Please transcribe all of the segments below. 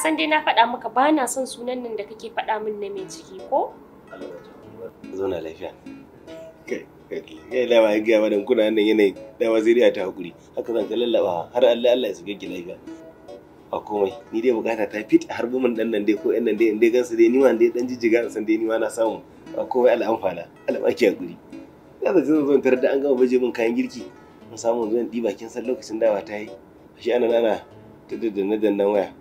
san dai na faɗa maka ba na son sunan nan da kake faɗa min na mai ciki ko? na lafiya. Kai dama ya gaya madan kuna nan yanayin dama sai dai ta hakuri haka zan ka lallaba har Allah Allah ya su gaggi lafiya. A komai ni dai bukata ta fit har bumin dan nan dai ko ɗan nan dai inda gansu dai ni ma dai dan jijjiga san dai ni na samu a komai al'amfana, amfana Allah baki hakuri. Ya zace zan zo da an gama baje min kayan girki mun samu zan ɗiba kin san lokacin dawa ta yi. Shi ana ana ta danna dannan waya.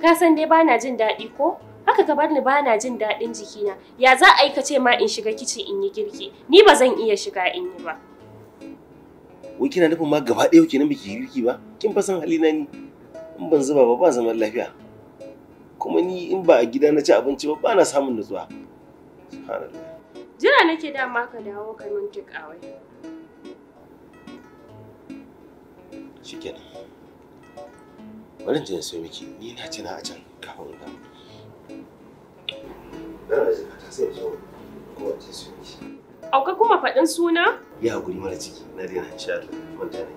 Ka san dai bana jin daɗi ko? Haka ka bar ni bana jin daɗin jikina. Ya za a yi ka ce ma in shiga kicin in yi girki? Ni ba zan iya shiga in yi ba. Wai kina nufin ma gaba ɗaya kenan biki girki ba? Kin fa san halina ni. In ban zuba ba ba zaman lafiya. Kuma ni in ba a gida na ci abinci ba bana samun nutsuwa. Jira nake dama ka dawo ka min wai Shikenan. bari je in sayo miki ni na ci na a can kafin in dawo dan aji sai auka kuma faɗin suna ya guri mara ciki na daina insha Allah manta nake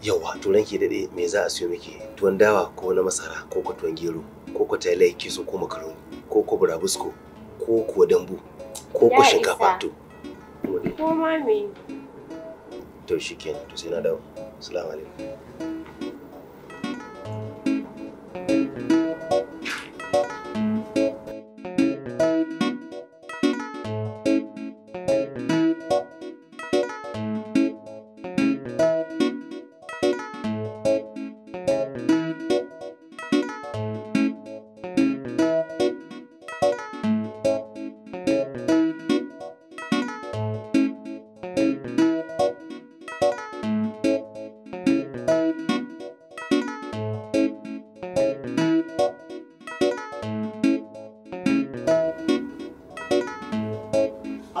Yawa turan ke daɗe me za a siyo miki tuwon dawa ko na masara ko tuwon gero ko ko tailai laiki so ko makaroni ko ko burabusko ko ko dambu ko ko shinkafa to ko ma me to shikenan to sai na dawo assalamu alaikum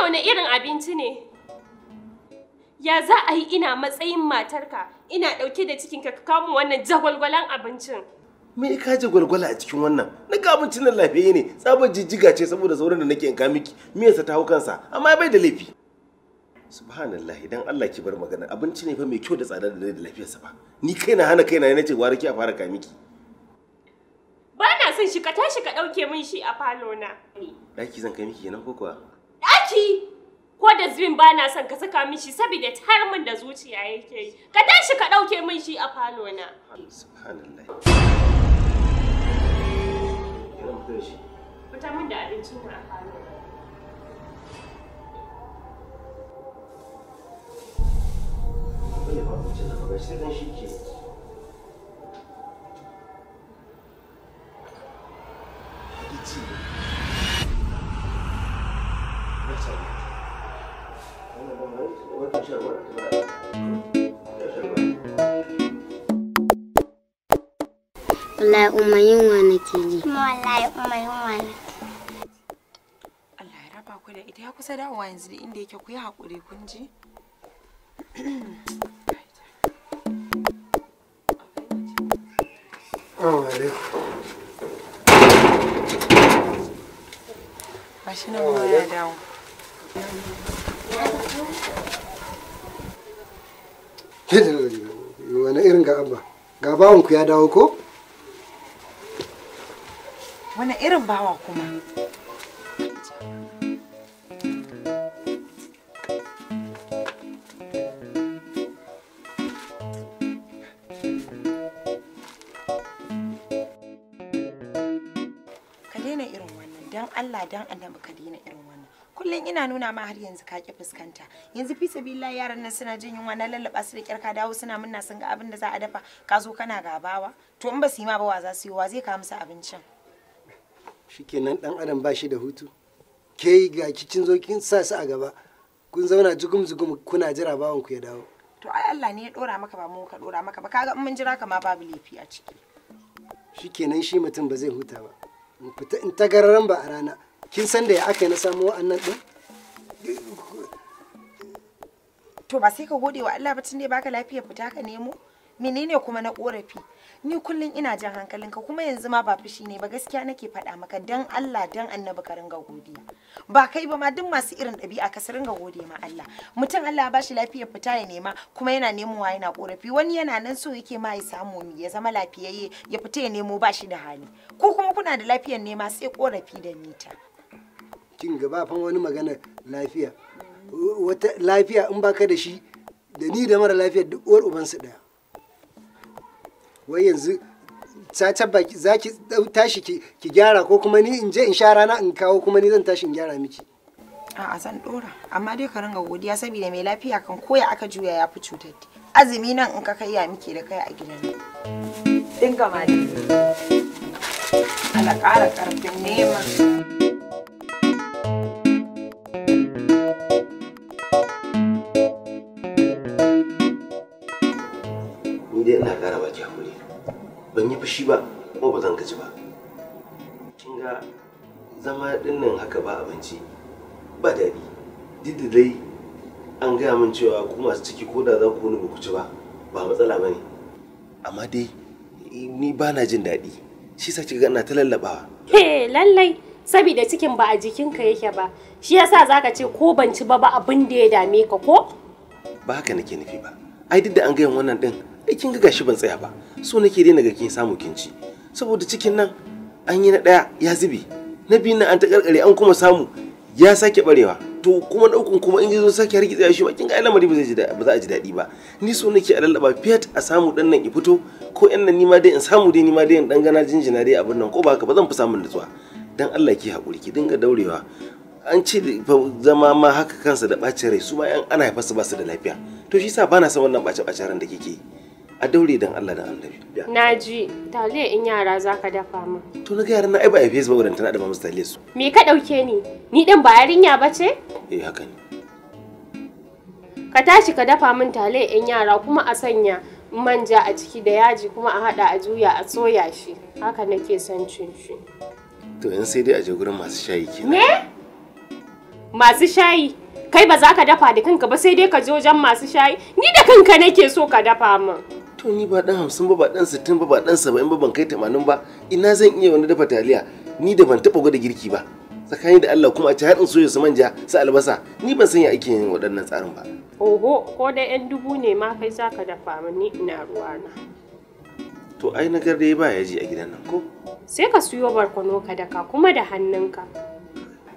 Wannan wani irin abinci ne? Ya za a yi ina matsayin matarka, ina ɗauke da cikin ka kawo wannan jagwalgwalan abincin. Me ka jagwalgwala a cikin wannan? Na ga abincin nan lafiyayye ne, sabon jijjiga ce saboda sauran da nake in ka miki, miyarsa ta hau kansa, amma bai da laifi. Subhanallah idan Allah ki bar magana abinci ne fa mai kyau da tsada da da lafiyarsa ba. Ni kaina hana kaina na nace gwara ki a fara ka miki. bana son shi ka tashi ka dauke min shi a falo na. Daki zan kai miki kenan ko ki ko da zubin ba na son ka saka min shi saboda har min da zuciya yake yi ka tashi ka dauke min shi a falo na subhanallah fita min da abincin na a falo na Thank you. Wallahi umma wani nake ji. wallahi Allah ya raba ku da ita ya kusa dawowa yanzu da inda yake ku yi haƙuri kun ji. Ba shi ya dawo. wani irin ga abba ga bawanku ya dawo ko wani irin bawa kuma ka daina irin wannan don allah don annabi ka daina irin kullum ina nuna ma har yanzu ka ki fuskanta yanzu fi sabilillahi yaran nan suna jin yunwa na lallaba su da kyar ka dawo suna munna sun ga abin da za a dafa ka zo kana gabawa to in ba su yi ma ba wa za su yi wa zai kawo musu abincin shikenan dan adam ba shi da hutu ke ga kicin zo kin sa su a gaba kun zauna jugum jugum kuna jira bawon ku ya dawo to ai Allah ne ya dora maka ba mu ka dora maka ba kaga in mun jira ka ma babu laifi a ciki shikenan shi mutum ba zai huta ba in fita in tagararan ba a rana kin san da ya aka yi na samu wa'annan din to ba sai ka gode wa Allah ba tun da baka lafiya fita ka nemo menene kuma na korafi ni kullun ina jan hankalinka kuma yanzu ma ba fushi ne ba gaskiya nake faɗa maka dan Allah dan annabi ka ringa godiya ba kai ba ma duk masu irin ɗabi'a ka ringa gode ma Allah mutum Allah ba shi lafiyar fita ya nema kuma yana nemowa yana korafi wani yana nan so yake ma ya samu mi ya zama lafiyayye ya fita ya nemo bashi da hali ko kuma kuna da lafiyar nema sai korafi da mita kin ga fa wani magana lafiya wata lafiya in baka da shi da ni da mara lafiya duk uwar ubansu daya wai yanzu ta za ki tashi ki gyara ko kuma ni in je in sha rana in kawo kuma ni zan tashi in gyara miki a'a zan dora amma dai ka ringa godiya saboda mai lafiya kan koya aka juya ya fi cutar azumi nan in ka kai ya miki da kai a gidan dinga ma dai ala ƙara ƙarfin neman. ji hakuri ban yi fushi ba kuma ba zan gaji ba kin ga zama nan haka ba abinci ba daɗi didi dai an gaya min cewa ku masu ciki ko da za ku wani ba ku ci ba ba matsala ba ne amma dai ni ba na jin daɗi shi sa kika ga ina ta lallaɓawa he lallai saboda cikin ba a jikinka yake ba shi yasa zaka ce ko ban ci ba ba abin da ya dame ka ko ba haka nake nufi ba ai duk da an gayan wannan din Eh, kin ga gashi ban tsaya ba so nake daina ga kin samu ci saboda cikin nan an yi na daya ya zube na biyu nan an ta karkare an kuma samu ya sake barewa to kuma daukun kuma in zo sake harki tsaya shi ba kin ga alamari ba za a ji daɗi ba ni so nake a lallaba fiat a samu dan nan ki fito ko yan nan nima dai in samu dai nima dai in dan gana jinjina dai abin nan ko ba haka ba zan fi samun nutsuwa dan Allah ki hakuri ki dinga daurewa an ce zama ma haka kansa da ɓacin rai su ma ana haifarsa ba su da lafiya to shi sa ba na san wannan ɓace-ɓacen da kike yi a daure dan Allah da annabi na ji taliya in yara za ka dafa min to na ga yaran na ai ba a fesa ba wadanta tana dama musu taliya su me ka dauke ni ni din ba yarinya ba ce eh haka ne ka tashi ka dafa min taliya in yara kuma a sanya manja a ciki da yaji kuma a hada a juya a soya shi haka nake son cin shi to in sai dai a je gurin masu shayi kenan me masu shayi kai ba za ka dafa da kanka ba sai dai ka je wajen masu shayi ni da kanka nake so ka dafa min to ni ba dan hamsin ba ba dan sittin ba ba dan saba'in ba ban kai tamanin ba ina zan iya wani dafa taliya ni da ban taɓa gwada girki ba tsakani da Allah kuma a ci har in soya su manja su albasa ni ban sanya ake yin waɗannan tsarin ba. Oho ko da yan dubu ne ma kai za ka dafa mani ina na. To ai na dai ba yaji a gidan nan ko? Sai ka siyo barkono ka daka kuma da hannunka.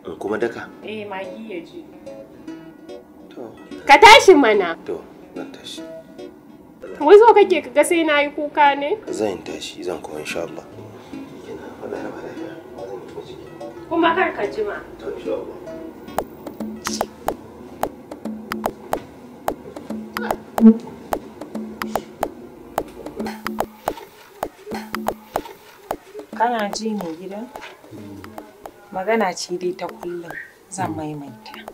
In kuma daka? Eh magi ya je. To. Ka tashi mana. To zan tashi. wai zo kake ka ga sai na yi kuka ne zan tashi zan kuma insha Allah kuma kar ka jima to insha Allah Kana ji ne gida? Magana ce dai ta kullum zan maimaita.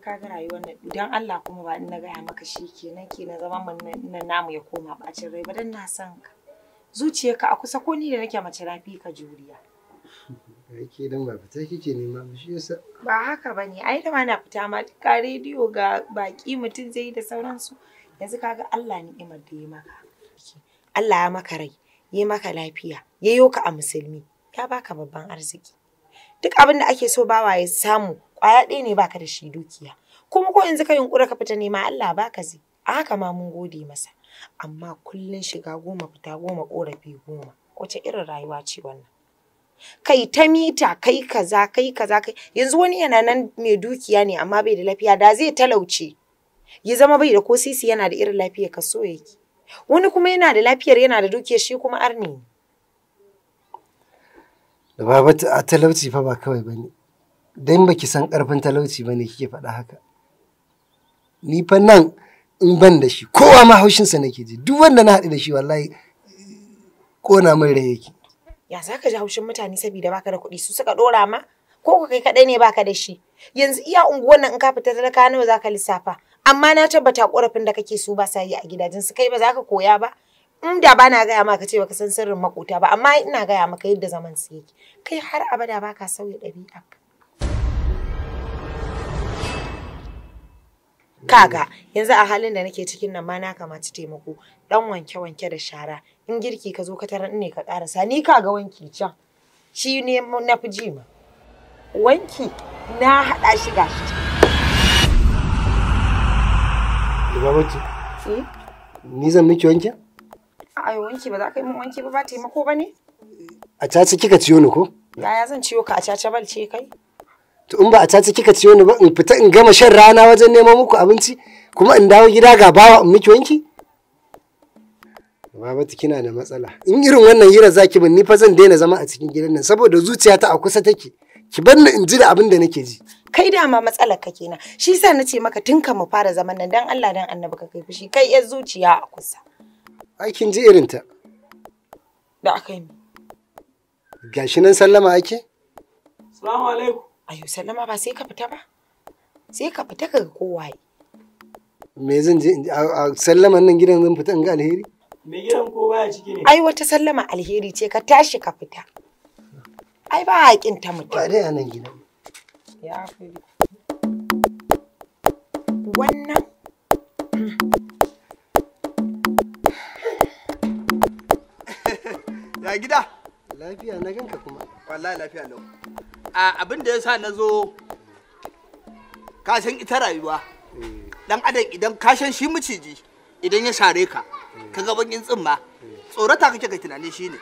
ka ga rayuwar nan idan Allah kuma ba in na gaya maka shi kenan ke na zama mun na namu ya koma ɓacin rai ba dan na san ka zuciyarka a kusa ko ni da nake mace rafi ka juriya ke dan ba fita kike nema ba shi yasa ba haka bane ai da ma na fita ma ka rediyo ga baki mutum zai yi da sauransu yanzu kaga Allah ni'imar da ya maka Allah ya maka rai ya maka lafiya ya ka a musulmi ya baka babban arziki duk abin da ake so bawa ya samu kwaya ɗaya ne baka da shi dukiya kuma ko yanzu ka yunkura ka fita nema Allah baka zai a haka ma mun gode masa amma kullun shiga goma fita goma korafi goma wace irin rayuwa ce wannan kai ta mita kai kaza kai kaza kai yanzu wani yana nan mai dukiya ne amma bai da lafiya da zai talauce ya zama bai da ko sisi yana da irin lafiyar ka so yake wani kuma yana da lafiyar yana da dukiyar shi kuma arni babata a talauci fa ba kawai bane don baki san ƙarfin talauci ba ne kike faɗa haka ni fa nan in ban da shi kowa ma haushinsa nake ji duk wanda na haɗu da shi wallahi ƙona min rai yake ya za ka ji haushin mutane saboda baka da kuɗi su suka ɗora ma ko ka kai kaɗai ne baka da shi yanzu iya unguwar nan in ka fita da nawa za ka lissafa amma na tabbata korafin da kake so ba sa yi a gidajen su kai ba za ka koya ba in da ba na gaya maka cewa ka san sirrin makota ba amma ina gaya maka yadda zaman su yake kai har abada baka sauya ɗabi'a kaga yanzu a halin da nake cikin nan ma na kamata taimako dan wanke wanke da shara in girki ka zo ka tarar ne ka karasa ni kaga wanki can shi ne na fi ji ma wanki na hada shi gashi Babaci, eh? ni zan miki wanke? Ai wanki ba za ka yi min wanki ba ba taimako ba ne? A caci kika ciyo ni ko? Yaya zan ciyo ka a caca balce kai? to in ba a caci kika ciyo ni ba in fita in gama shan rana wajen neman muku abinci kuma in dawo gida ga bawa in miki wanki ta kina da matsala in irin wannan hira zaki bin ni fa zan daina zama a cikin gidan nan saboda ta a kusa take ki bar ni in ji da abin da nake ji kai dama matsalar ka kenan shi yasa nace maka tun kan mu fara zaman nan dan Allah dan annabi ka kai fushi kai yar zuciya a kusa ai kin ji irin ta da akai gashi nan sallama ake assalamu alaikum Ayo sallama ba sai ka fita ba. Sai ka fita ka ga kowaye. Me zan je a sallaman nan gidan zan fita in ga alheri? Me gidan ko baya ciki ne? Ai wata sallama alheri ce ka tashi ka fita. Ai ba haƙin ta mutum. Ba dai a nan gidan. Ya fi. Wannan Ya gida? Lafiya na ganka kuma. Wallahi lafiya lau. abin da ya sa na zo ita rayuwa dan adam idan kashen shi miciji idan ya share ka ka ga bakin tsimma tsorata kake kai tunani shine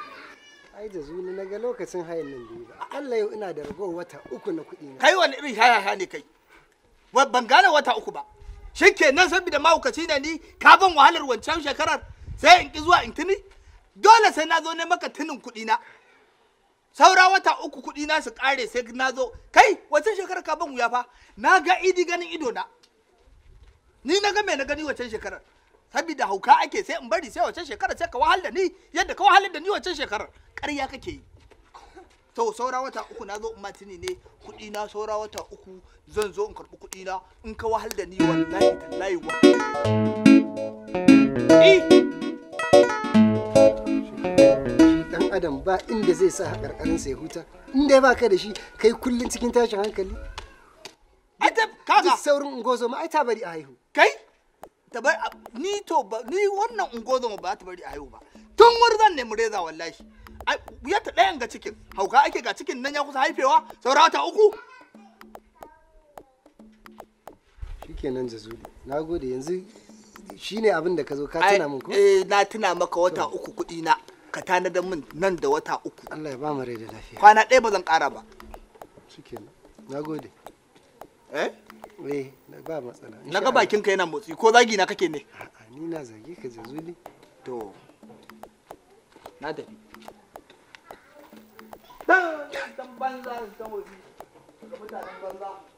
ai da zuni na ga lokacin hayin nan biyu Allah yau ina da ragowar wata uku na kuɗi na kai wani irin shaya ne kai ban gane wata uku ba shikenan saboda mahaukaci ne ni ka ban wahalar wancan shekarar sai in ki zuwa in tuni dole sai na zo ne maka tunin kuɗi na saura wata uku kudi na su kare sai na zo kai wancan shekarar ka ban wuya fa na ga idi ganin ido na ni na ga mai na gani wancan shekarar saboda hauka ake sai in bari sai wancan shekarar sai ka wahalar da ni yadda ka wahalar da ni wancan shekarar ƙarya kake yi to saura wata uku na zo in ma tuni ne kudi na saura wata uku zan zo in karbi kudi na in ka wahalar da ni wallahi tallahi wa adam ba inda zai sa haƙarƙarin sai huta in dai ka da shi kai kullun cikin tashin hankali ai kaga saurin ungozo ma ai ta bari a haihu kai ta bari ni to ni wannan ungozo ba ta bari a haihu ba tun wuri zan nemi reza wallahi ya ta ɗayan ga cikin hauka ake ga cikin nan ya kusa haifewa saura wata uku shikenan jazuli na gode yanzu shine abin da ka zo ka tuna min ko eh na tuna maka wata uku kuɗi na ka tanadar min nan da wata uku Allah ya ba mu rai da lafiya kwana ɗaya ba zan ƙara ba shikenan nagode eh Me, eh, na ba matsala na ga bakin ka yana motsi ko zagi na kake ne a'a ni na zagi ka zuli. to na tafi dan banza da wuri Ka mutanen banza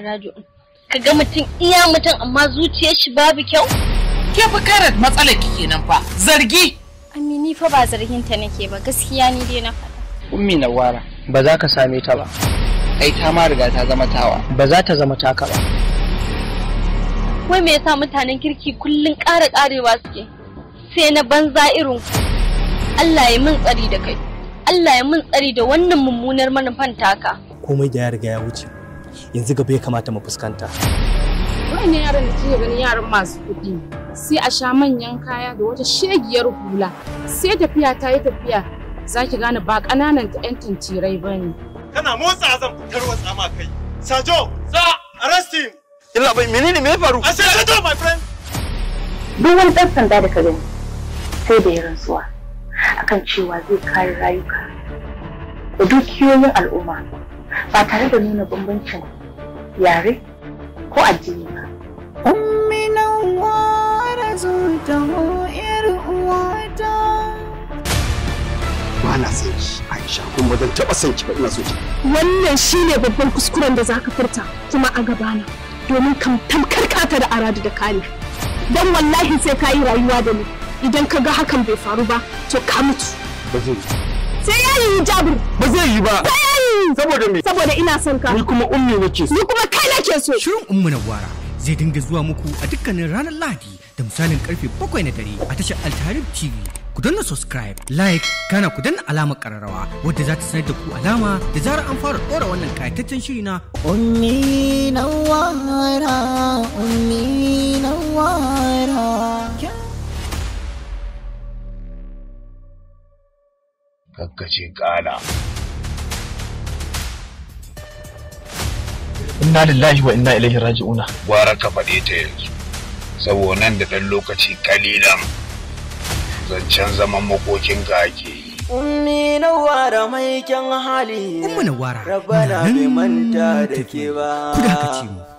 ilaihi raji'un um. kaga mutum iya mutum amma zuciyar shi babu kyau ke fa karat matsalar kike nan fa zargi amini fa ba zargin ta nake ba gaskiya ni dai na faɗa ummi nawara ba za ka same ta ba kai ta ma riga ta zama tawa ba za ta zama taka ba wai me yasa mutanen kirki kullun ƙara ƙarewa suke sai na banza irin ku Allah ya min tsari da kai Allah ya min tsari da wannan mummunar manufan taka komai da ya riga ya wuce yanzu gaba ya kamata mu fuskanta ne yaran da kike ganin yaran masu kuɗi sai a sha manyan kaya da wata shegiyar hula sai tafiya ta yi tafiya za ki gane ba ƙananan ta 'yan tantirai ba ne kana motsa zan fitar wa tsama kai sajo za a him illa bai menene me faru a sai my friend duk wani ɗan sanda da ka gani sai da ya rantsuwa akan cewa zai kare rayuka da dukiyoyin al'umma ba tare da nuna bambancin yare ko addini ba. Ummi nawara zuta yar uwata. Ba na san a Aisha kun ba zan taɓa san ki ba ina so ki. Wannan shine babban kuskuren da zaka furta kuma a gabana domin kan tamkar ta da aradu da kare. Dan wallahi sai ka yi rayuwa da ni idan ka ga hakan bai faru ba to ka mutu. Ba zai yi. Sai ya yi jabir. Ba zai yi ba. Sai Saboda me? Saboda ina son ka. Ni kuma ummi nake so. Ni kuma kai nake so. Shirin ummu na gwara zai dinga zuwa muku a dukkanin ranar Lahadi da misalin karfe 7 na dare a tashar Altarib TV. Ku danna subscribe, like, kana ku danna alamar kararrawa wadda za ta sanar da ku alama da zarar an fara ɗora wannan kayataccen shiri na Ummi gwara Ummi gwara Kakkace kala. inna lillahi wa inna ilaihi raji'una gwara ka faɗe ta yanzu saboda nan da ɗan lokaci kalilan zancen zaman makokin ga ake yi Ummi na wara mai kyan hali Ummi na wara Rabana bai manta da ke ba Kuda ka ce mu